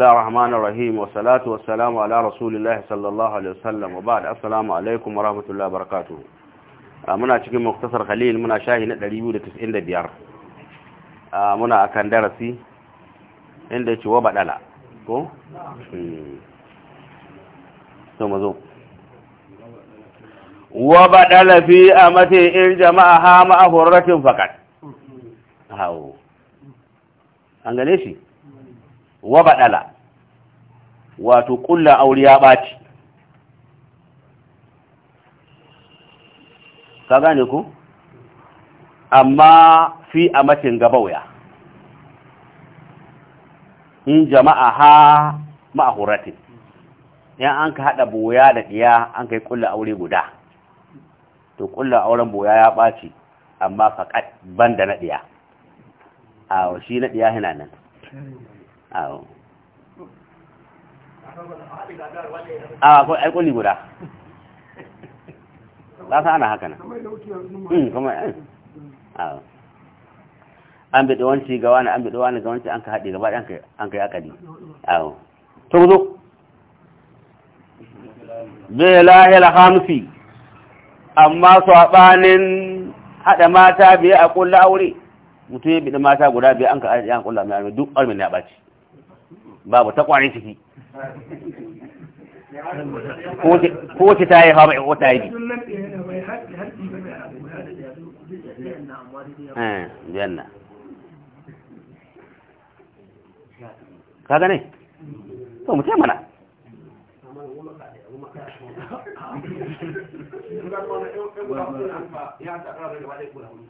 بسم الله الرحمن الرحيم والصلاة والسلام على رسول الله صلى الله عليه وسلم وبعد السلام عليكم ورحمة الله وبركاته muna cikin muktasar khalil muna shahi na 295 ah, muna akan darasi inda yake wa badala ko hmm. to mazo wa badala fi amati in jama'aha ma'a hurratin faqat hawo an gane shi wa baɗala wato kulla aure ya ɓaci ka gane ku amma fi a macin gabauya in jama'a ha ma'ahuratin yan an ka haɗa boya da ɗiya an kai kulla aure guda to kulla auren boya ya ɓaci amma faƙat ban da na ɗiya a shi na ɗiya hina nan a akwai alkuli guda ba sa ana haka nan hmm, kuma eh. an bi wanci ga wani an bi wani ga wanci an ka haɗe gaba ɗan an ka kai akali awo to zo bilahi alhamsi amma saɓanin haɗa mata biya a ƙulla aure mutum ya bi mata guda biya an ka haɗe an ƙulla mai duk armin ya ɓaci babu ta ƙwarin ciki ko wace ta yi haɓa yi ka to mu mana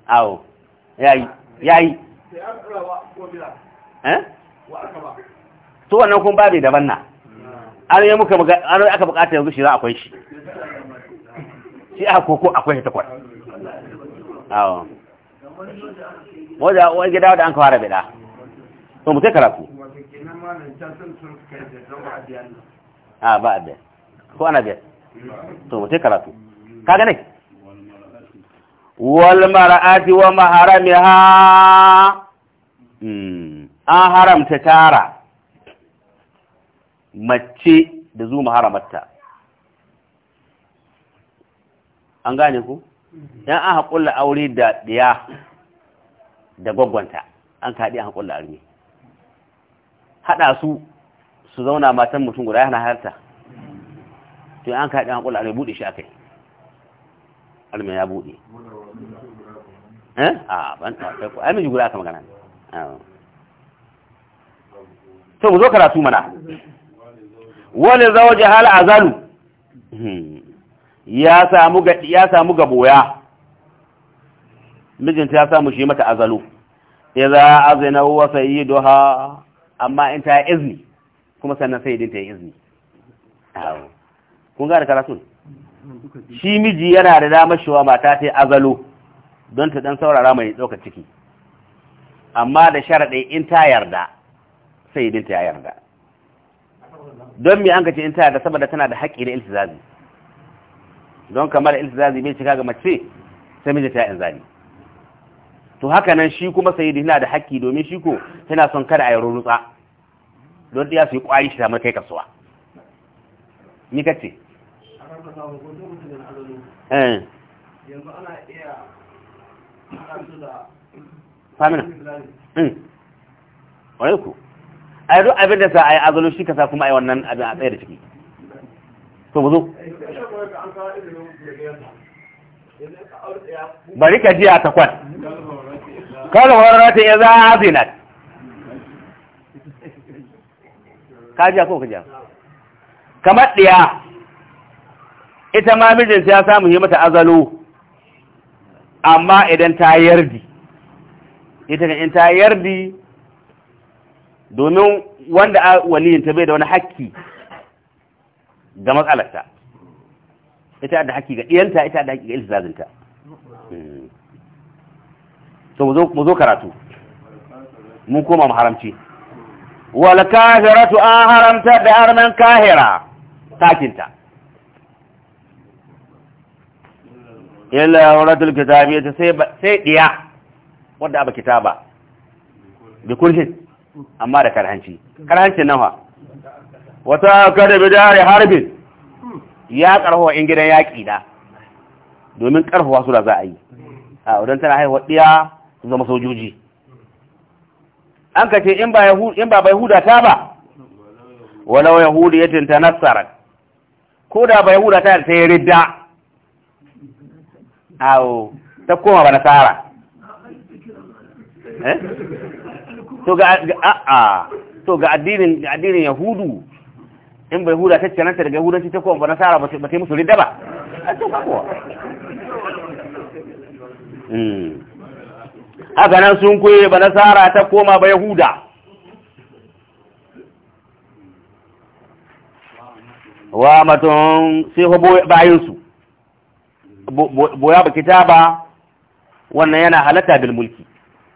awo yayi yayi eh? to wannan kun babu daban na an yi muka an aka bukata yanzu shi za kwai shi shi aka koko akwai shi takwas awo wadda wani gida wadda an kawara bida to mu sai karatu a ba a biya ko ana biya to mutai karatu ka gane wal mar'ati wa maharamiha hmm. an haramta tara mace da zuwa maharamatta an gane ku yan an haƙulla aure da ɗiya da gwaggwanta an kaɗi an haƙulla aure, haɗa su su zauna matan mutum guda yana harta to an kaɗi an haƙulla aure buɗe shi yi arme ya buɗe eh a ah, ban ah, eh, ai miji guda aka magana ah. to mu zo karatu mana wani zauji hal azalu ya samu ga ya samu ga boya mijinta ya samu shi mata azalu idza azina wa sayyiduha amma in ta izini kuma sannan sayyidin ta yi izini kun gane karatu shi miji yana da damar shiwa mata ta azalu, don ta dan saurara mai ɗaukar ciki amma da sharaɗin in ta yarda sayyidin ta yarda don mai an kace in tana da saboda tana da haƙƙi da iltizazi don kamar iltizazi bai cika ga mace sai miji ta inzali to haka nan shi kuma sai yana da haƙƙi domin shi ko tana son kada a yi rurutsa don ya su yi ƙwari shi samu kai kasuwa ni kace yanzu eh. ana iya da hmm. wani ku ai duk abin da sa yi azalo shi ka sa kuma yi wannan abin a tsaye da ciki to buzo bari ka ji a takwan kala ratin ya zazinat ka ji ko ka ji kamar ɗiya. ita ma mijin ya samu yi mata azalo amma idan ta yardi ita in ta yardi domin wanda a waliyinta bai da wani haƙƙi ga matsalarta ita da haƙƙi ga ɗiyanta ita da haƙƙi ga ilzazinta hmm. to mu zo karatu mun koma mu haramci wal kafiratu an haramta da arnan kahira takinta illa waratul kitabiyya sai sai diya wanda aba kitaba bi kulli amma da karhanci Karhanci nawa wata kada bidare harbin ya karhuwa in gidan yaki da domin karhuwa su da za a yi a wadan tana haihuwa ɗiya su zama sojoji an ka ce in ba bai huda ta ba walau yahudi ya tinta nasarar ko da bai huda ta ta yi ridda awo ta koma ba nasara eh to ga a'a to ga addinin addinin yahudu in bai huda ta daga yahudanci ta kuma nasara ba ta musu ridda ba a to kuwa hmm. haka nan sun koye ba nasara ta koma ba yahuda wa matan sai bayansu boya ba kitaba wannan yana halatta bil mulki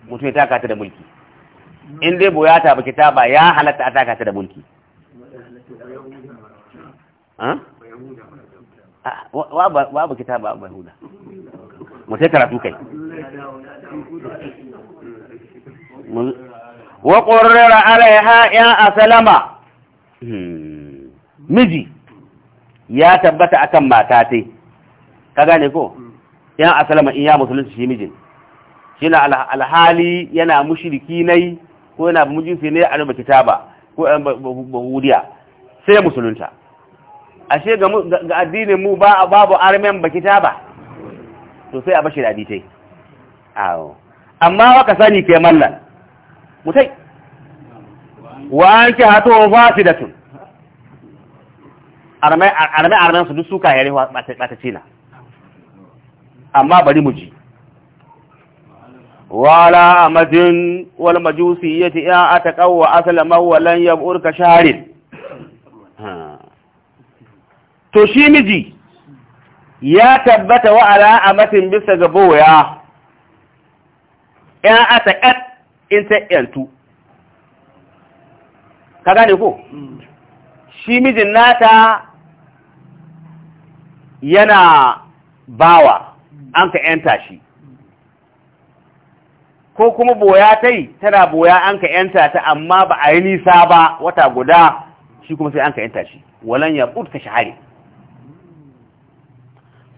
mutum ya taka ta da mulki in dai boya ta baki ta ba ya halatta a taka ta da mulki wa baki ta ba ba huda mu sai karatu kai wa qurrara alaiha ya asalama hmm. miji ya tabbata akan mata tai ka gane ko ya asalama in ya musulunci shi mijin shi na alhali yana mushriki nai ko yana mujusi ne a rubuta kitaba ko yan bahudiya sai musulunta ashe ga addinin mu ba babu armen ba kitaba to sai a bashi da aditai awo amma waka sani ke mallan mutai wa an ki hato fasidatun armai armai su duk suka yare ba ta cina amma bari mu ji wala amadin wal majusi yace ya ataqawa aslama walan ka sharin to shi miji ya tabbata wa ala amatin bisa ga boya ya ataqat ta yantu ka gane ko shi mijin nata yana bawa an ka yanta shi ko kuma boya ta yi tana boya an ka yanta ta amma ba a yi nisa ba wata guda shi kuma sai an ka yanta shi walan ya ka shahari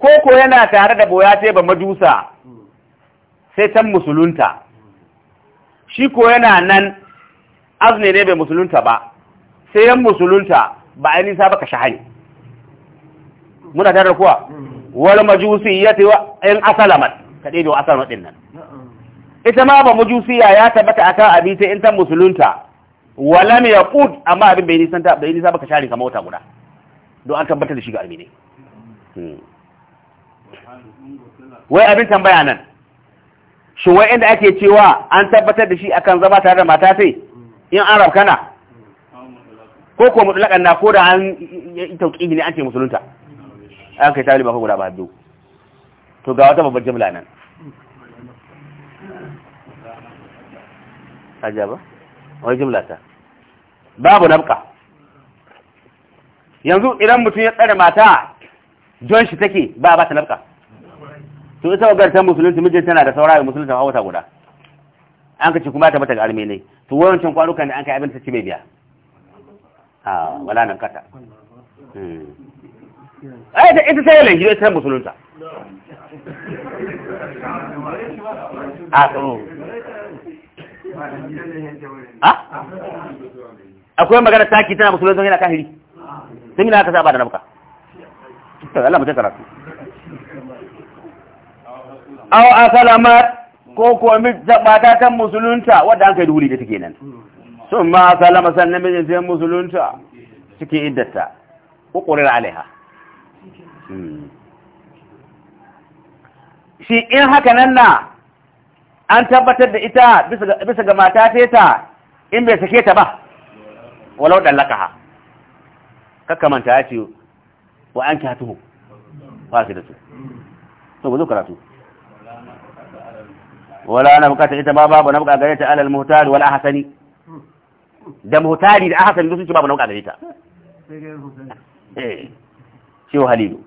ko ko yana tare da boya ta ba majusa sai tan musulunta shi ko yana nan azne ne bai musulunta ba sai yan musulunta ba a yi nisa ba ka shahari muna tare da kuwa hmm. wal majusi ya ta yi wa ‘yan asalamat ka ɗaiɗe asalamat ɗin nan ita ma ba mujusiya ya tabbata akan abi sai in ta musulunta walam yaqud amma abin bai nisan ta bai nisa baka share ka mota guda don an tabbata da shi ga armi ne hmm. wai abin tambaya nan shi wai inda ake cewa an tabbatar da shi akan zama tare da mata sai in an rafkana ko ko mutlakan na ko da an tauƙi ne an ce musulunta an kai ba ka guda ba biyu to ga wata babbar jimla nan ajaba wai jumla ta babu nabka yanzu idan mutum ya tsare mata don shi take ba ba ta nabka to ita wagar ta musulunci mijin tana da saurayi musulunci a wata guda an ka ci kuma ta mata ga arme ne to wancan kwanukan ne an kai abin ta ci bai biya a wala nan kata hmm. ai ta ita sai laifi ita musulunta a tsoro akwai magana taki tana musulun yana kahiri sun yi na haka saba da nabuka Allah mutum karatu aw asalama ko ko mi zabata kan musulunta wadda an kai duhuri da take nan sun ma salama sannan mijin sai musulunta suke iddata ukurir alaiha hmm. shi in haka nan na an tabbatar da ita bisa ga mata feta in bai sake ta ba walau dallakaha kakkamanta ya ce wa an kya tuho ba su da su so ba zo karatu wala na bukata ita ba babu na bukata gare ta alal muhtari wala hasani da muhtari da hasani sun ce babu na bukata gare ta eh shi halilu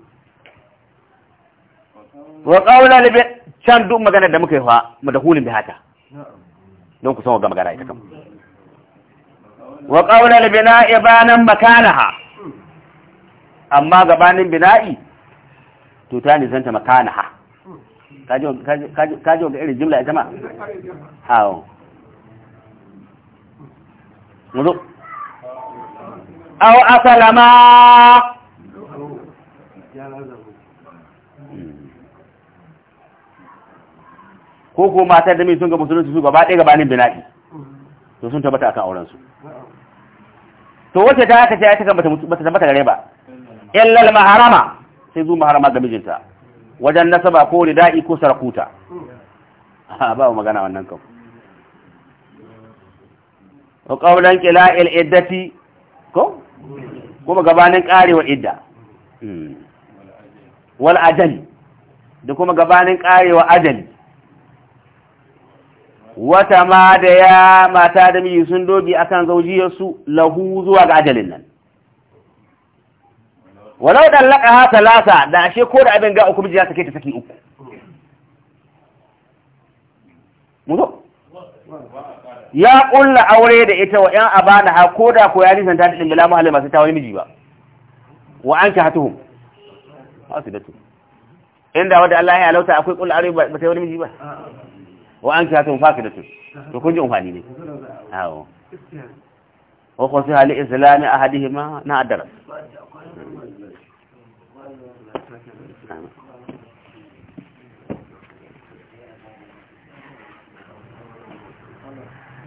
wa qawla li can duk magana da muka yi fa madahulin bi hata don ku san wa magana ita kan wa qawla al bina'i banan makanaha amma gabanin bina'i to ta ne zanta makanaha kaji kaji kaji ga irin jimla ita ma hawo mudu aw asalama ko ko mata da mai sun ga musulunci su gaba ɗaya gabanin bina'i to sun tabbata akan auren su to wacce ta haka ta kan bata tabbata gare ba illal maharama sai zu maharama ga mijinta wajen nasaba ko rida'i ko sarakuta ba magana wannan kan wa qawlan qila'il iddati ko kuma gabanin karewa idda hmm. wal ajali da kuma gabanin karewa ajali wata ma da ya mata da miji sun dogi akan zaujiyarsu lahu zuwa ga ajalin nan walau dan laka ha talata da ashe ko da abin ga uku miji ya sake ta saki uku muzo ya kulla aure da ita wa yan abana ha ko da ko ya nisan ta din bila mahallin masu tawani miji ba wa an ka hatuhum asidatu inda wadda Allah ya lauta akwai kulla aure ba ta wani miji ba wa an kiyatun fakidatu to kun ji umfani ne awo wa sai hali islami a hadihima na adara.